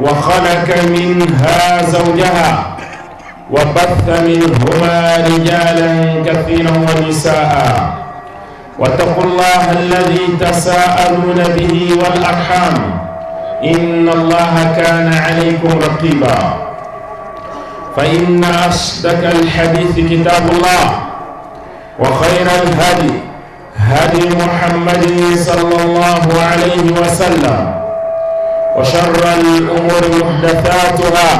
وخلق منها زوجها وبث منهما رجالا كثيرا ونساء واتقوا الله الذي تساءلون به والأرحام إن الله كان عليكم رقيبا فإن أصدق الحديث كتاب الله وخير الهدي هدي محمد صلى الله عليه وسلم وشر الأمور محدثاتها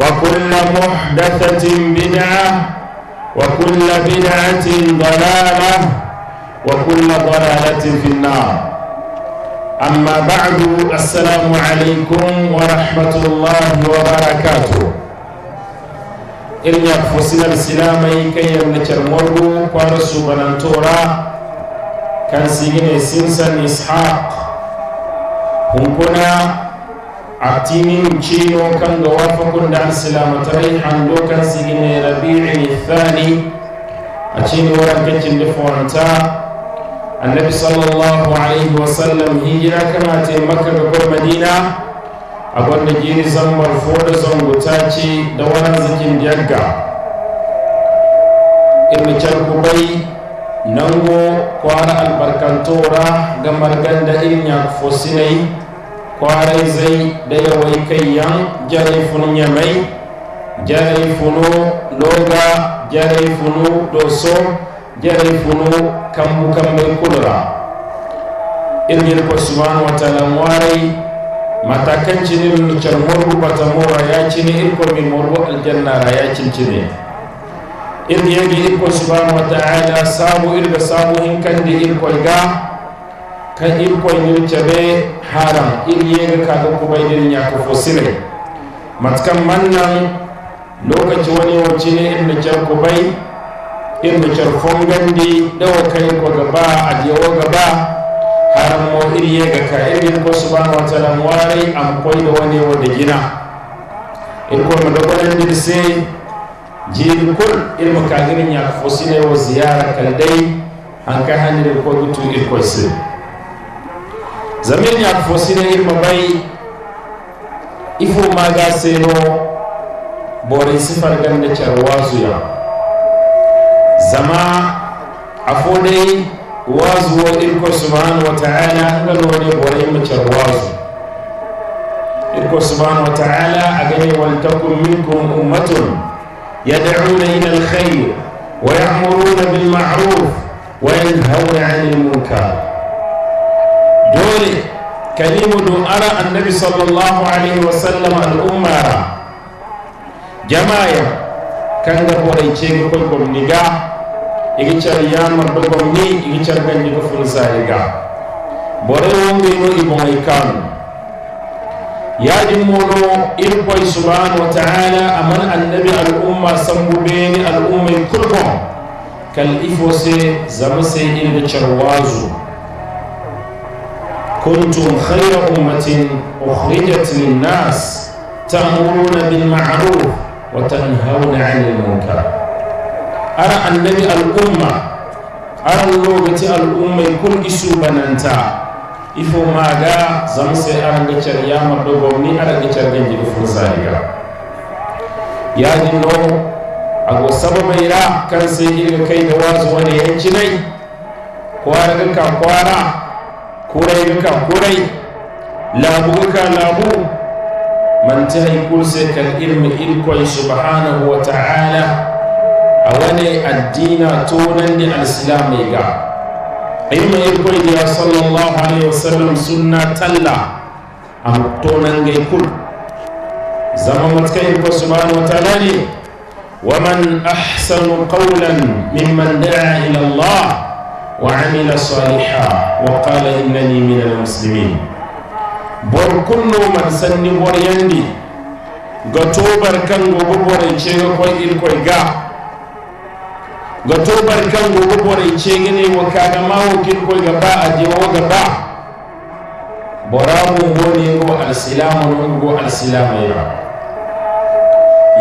وكل محدثة بدعة وكل بدعة ضلالة وكل ضلالة في النار أما بعد السلام عليكم ورحمة الله وبركاته إن يقفصنا السلام كي يمنتر مرغو من بنانتورا كان سيجن سنسان إسحاق hunkuna atinin cino kan ga wafakun da rai an dokan sigine rabi'in thani a cini wurin kakin dufawanta annabi sallallahu alaihi wasallam hijira kana ta maka kwan madina a gwanda gini zambar foda zanguta ce da wani zikin yagga Can Kubai nango kwara albarkantora ga margan da irin ya fosinai kwarai zai da yawai kayyan jarai funu nyamai jarai funu loga jarai funu doso jarai funu kambu kambai kulura irgin ko subhanahu wa ta'ala warai matakan cinin lucar morbu bata mora ya cini irko min morbu aljanna ra ya cincine irgin irko subhanahu wa ta'ala sabu irga sabu hinkandi irko ga ka irkoynin cebe haram in yega kaga kubaydin ñaka fo sine mat kam man nan lokaci wani wacine irna car kubay irna car fongandi ka kay ko gaba adiyawo gaba haram mo ir yega ka irin ko subhanahu wa taala waray am koyɗo wani gina kwanan da irkoyma dogonandir se jiiri kul irma kagiri ñaka fo sine wo ziyara kal day hanka handir ko gutu irkoy sine ya ɲa fosire irma bay ifo maga seno bore sifar ganda carwazuya zama a afo dai wazuwo irko subhanahu wa ta'ala ngano wani bore ma carwazu irko subhanahu wa ta'ala agane waltakum minkum ummatun yad'una ila alkhayr ويأمرون بالمعروف وينهون عن المنكر دوري كلمة أرى النبي صلى الله عليه وسلم الأمة جماعي كان يقول أي شيء نجا يجيشر يام ربكم ني يجيشر بن يقول سايغا بوريون بنو إبو إيكان يا جمونو إبو سبحانه وتعالى أمن النبي الأمة سمو بين كلهم كالإفوسي زمسي إلى تشروازو kuntum khayra ummatin ukhrijat linnas ta'muruna bil ma'ruf wa tanhawna 'anil munkar ara annabi al umma ara lokaci al umma kun isu bananta ifo maga zamse ara ga cariya ma do gomni ara ga cariya ji fu sariya ya ji no ago sababa ira kan sai ga kai da wazo wani yanci nai kwara ga kan kwara كوري كم كوري لابو كان من تهي كرسك الإلم إلك سبحانه وتعالى أولي الدين تونا للإسلام إلم إلك صلى الله عليه وسلم سنة تلا أم تونا كل زمان متكيف سبحانه وتعالى ومن أحسن قولا ممن دعا إلى الله وعمل صالحا وقال إنني من المسلمين bor kunno man sanni bor yandi ga tobar kan gobe borai ce ga koi il ga ga kan gobe borai ce ga ne wa kaga ma wa kin koi ga ba a je wa ga ya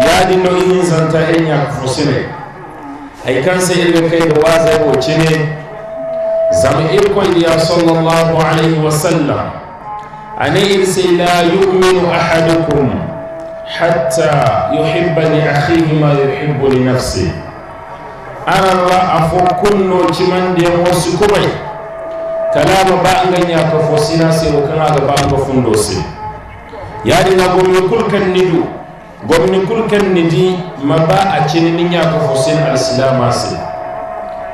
yadi yin zanta enya fusine ai kan sai kai da wa zai ne zama ikon ya sallallahu alayhi wa sallam anayir say la a ahadukum hatta yuhibba li akhihi ma noci man da arara wasu kunno cimanden wosi ba kalama ganya ka fosi na sai wakan ba'anga fundo se yadina dosi ya ni na gomi kulkan kulkan nidi, ma ba a ya ka fosi na alisila masu.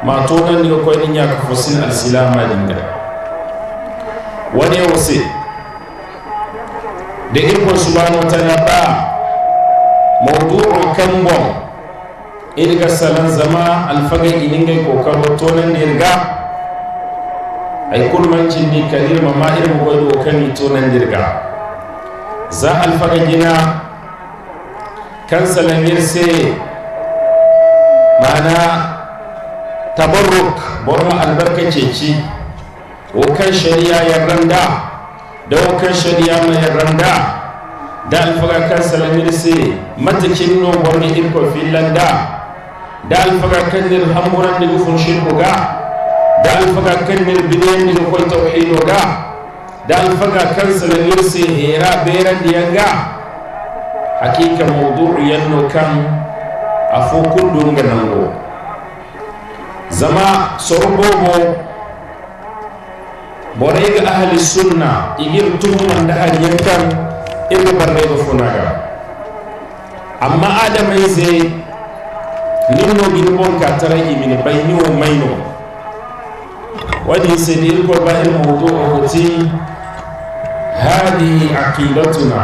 ma tonan ni ko ni nya ko sin al silama dinga wani wose da iko subhanahu wa ta'ala ba mawdu'u kan bon irga salan zama alfaga ininga ko karo tonan ni ga ay kul mancin ni kalima ma ma irmu godo kan ni tonan dirga za alfaga gina kan salamir se mana tabarruk borno albarkaceci wokan shari'a randa da wokan shari'a mai randa? da alfaga kan sai matakin no borno irko finlanda da alfaga kan nir hamuran da gufun shirkuga da alfaga kan nir bidiyan da gufun ga? da alfaga kan sai hera beran diyanga hakika mawdu'u yanno kan afo kundun ganango zama sorongomo bora iga ahli sunna igir tumunanda ha ñenkan irga barnayga funaga amma adamay se ninno gini bon ka tara imine bayniwo mayno wadi sedi irkol ba ir mawdu o hoti hadi aqidatuna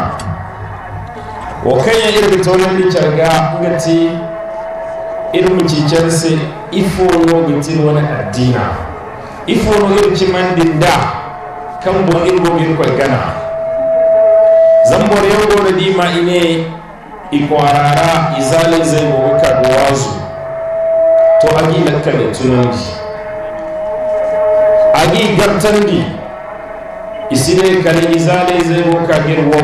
wo kanya irga tawlendi carga ngati irmu cicense ifono bitin wani addina ifono irci mandin da kan bo irgo bin kwalgana zambor yango da dima ine ikwarara izalin zai bo ka wazu to agi lakka da tunanji agi gartandi isine kare izalin zai bo ka girwo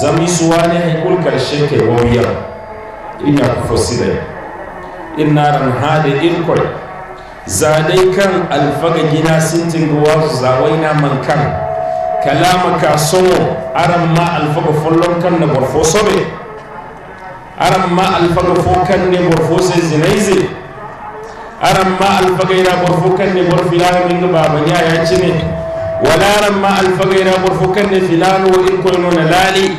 zami suwane haikul karshe kai wawiyar ina ku fosila in naran hade in koy zanai kan alfaga gina sintin guwa zawaina man kan kalama ka somo aran ma alfaga follon kan na borfo sobe aran ma alfaga fo kan ne borfo sai zinaize aran ma alfaga ina borfo kan ne borfo ila min baba ya ya ci ne wala ran ma alfaga ina borfo kan ne filan wa in koy no na lali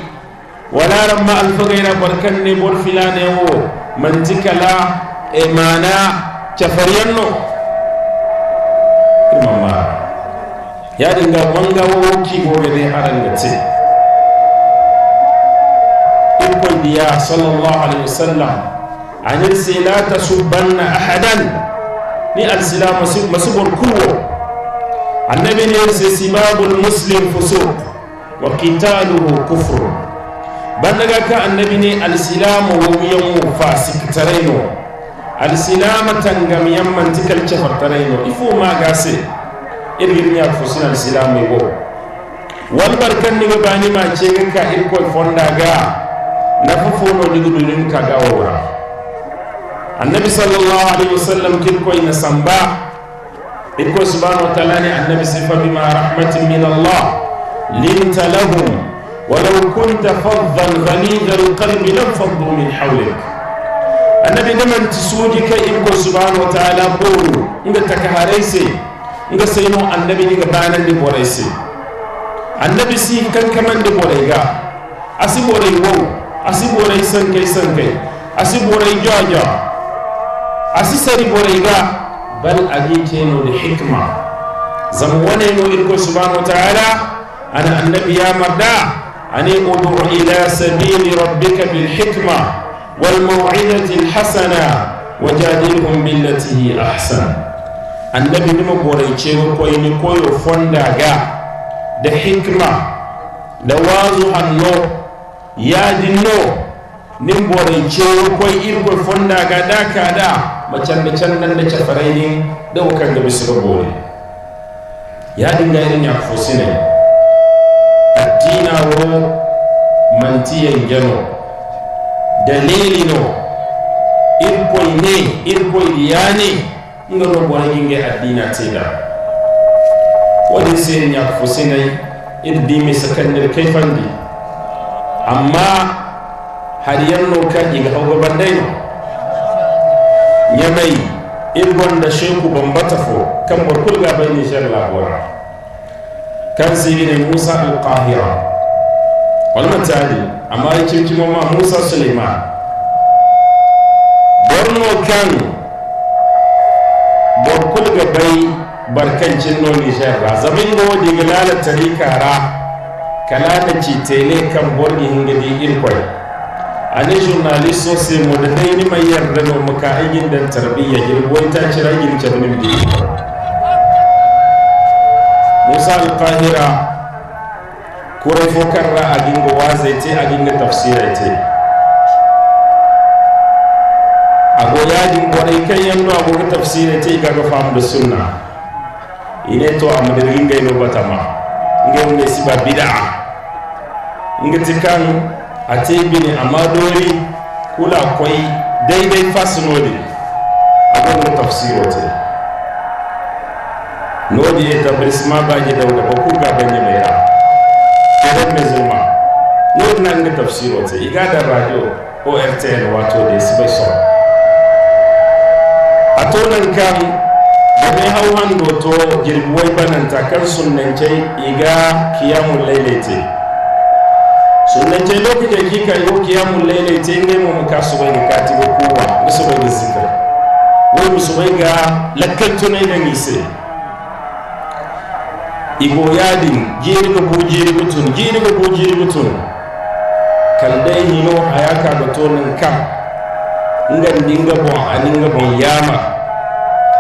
wala ran ma alfaga ina barkan ne borfo filan ne wo mantikala e mana cafariyanno irma ma yaɗinga manga wowkigoɓe ne aranga te irkondiya sallllahu alayhi wa sallam anirse la tasubanna ahadan ni alsila masubol kuwo annabi nirse sibabul muslim fusuq wa qitaluhu kufru bandaga ka annabi ne alsilamu wowiyanwo fasiktarayno al silama tangam yamman tikal chafar tarayno ifo ma gase irgin ya fusin al silama go wal barkan ni bani ma ce ka irko fonda ga na fufono ni gudunin ka ga wura annabi sallallahu alaihi wasallam kirko ina samba irko subhanahu wa ta'ala ni annabi sifa bima rahmatin min allah linta lahum ولو كنت فظا غليظ القلب لانفضوا من حولك annabi namanti suudi kay irgo subhanahu wa taala booru nga taka harayse nga sayno annabi niga baanandi borayse annabi si kankamandi borayga asi boray wow asi boray sankay sankay asi boray jojo asi sari borayga bal agi ceno de hikma zam woneno irgo subhanahu wa taala ana annabi yamarda ani udur ila sabili rabbika bilhikma والموعظة الحسنة وجادلهم بالتي هي أحسن annabi nima gorance koyi ni koyo fonda ga da hikma da wazu hanno ya dinno nin gorance koyi irgo fonda ga da ka da macan da can nan da cafarai ne da wakan da bisu gore ya dinga irin ya fosine addina wo mantiyan gano dalilino irkoy ne irkoy diyani nga no bona inge addina teda wadi sen ñak fo di mi sakandir kai fandi amma hariyanno ka iga Ya mai ñamay da sheku bambata fo kam bor kulga bayni cheikh labora kan Musa al qahira Wani mutane amma ya cikin ma Musa Suleiman Borno kan borkul gabai barkancin noni sharra zabin go diga lala tarikara kala da citene kan borgi hingadi irkwai ani journalist so se mo da ni mai yarda no muka aigin da tarbiyya girwai ta cira gin cabnin bi Musa alfahira. kure fo karra agingo wazete tafsira tafsirete ago yajin gore kayyano ago tafsirete igaga famdo sunna ine to amadirgin no batama nge ne siba bid'a nge tikan atebini amadori kula koi daidai fasinodi ago tafsirete nodi etablissement baje dawga ko kuga banye mera Madame Zuma not nanga tafsiro te iga da radio ORTN wato da su bai son a tonan kan da mai hau hando to girbuwai bananta kan iga kiyamun lailaite sunance lokacin kika yi kiyamun lailaite ne mu muka su bai ga katiba kowa musu bai ga zikar wai musu bai ga lakkantunai da nisai igoyadin jirigo bu jirigo tun jirigo bu jirigo tun kaldai hino hayaka ga tonin ka ngan dinga bon aninga bon yama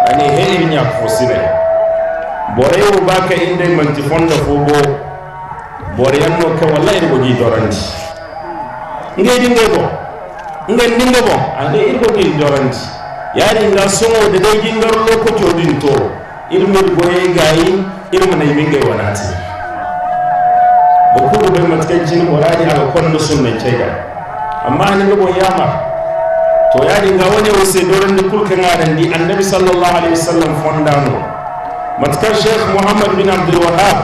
ani heli nya fosine bore wo baka inde manti fonda fo fobo bore yanno ka wallahi irgo gi dorandi ngai dinga bon ngan dinga bon ani irgo gi dorandi yani nga songo de do gi ngarlo ko to din to irmo boye gayi irin na yimin gai wani ati ba ku rubin matakan jini orari a kwan da sun amma ni rubin yama to ya dinga wani wasu doren da kulkan adan di annabi sallallahu alaihi wasallam fondano no matakan sheikh muhammad bin abdul wahab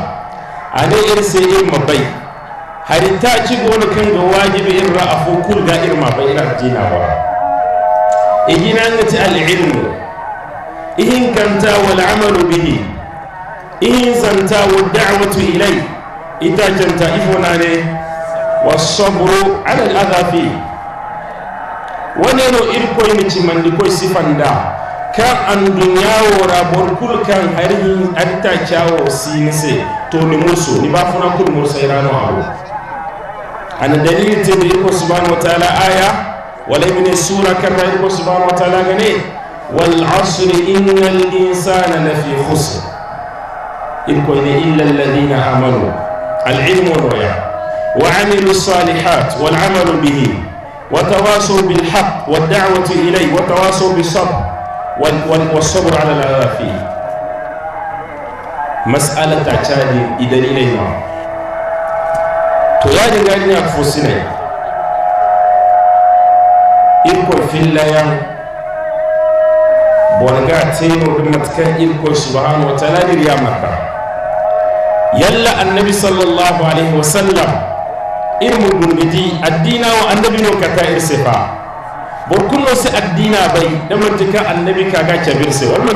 a yin sai irin mabai harin ta ci gona kan ga wajibi irin ra'afu kul ga irin mabai irin jina ba igina ngati al-ilmu ihin kanta wal amalu bihi ihizanta wa da'watu ilai ita janta ifona ne wa sabru ala al'adhafi waneno irkoy ni cimandi koy sifanda kan an dunyawo rabor kul kan arihin atta cawo sinise to ni musu ni ba funa kul mursa irano hawo ana dalilin te da iko subhanahu wa ta'ala aya wala ibn sura kan da iko subhanahu wa ta'ala gane wal asri innal insana lafi khusr يكون إلا الذين آمنوا العلم والرؤية وعملوا الصالحات والعمل به وتواصوا بالحق والدعوة إليه وتواصوا بالصبر والصبر على الأذى فيه مسألة تعتاد إذا إلينا تيادي غادي أنفسنا إلكم في الله بونغا تيمو بمتكا إلكم سبحانه وتعالى لريامك yalla annabi sallallahu alaihi wa sallam irmu gurbiti addina wa annabi no kata irsefa borkunno se addina bai damantika annabi kaga cabirse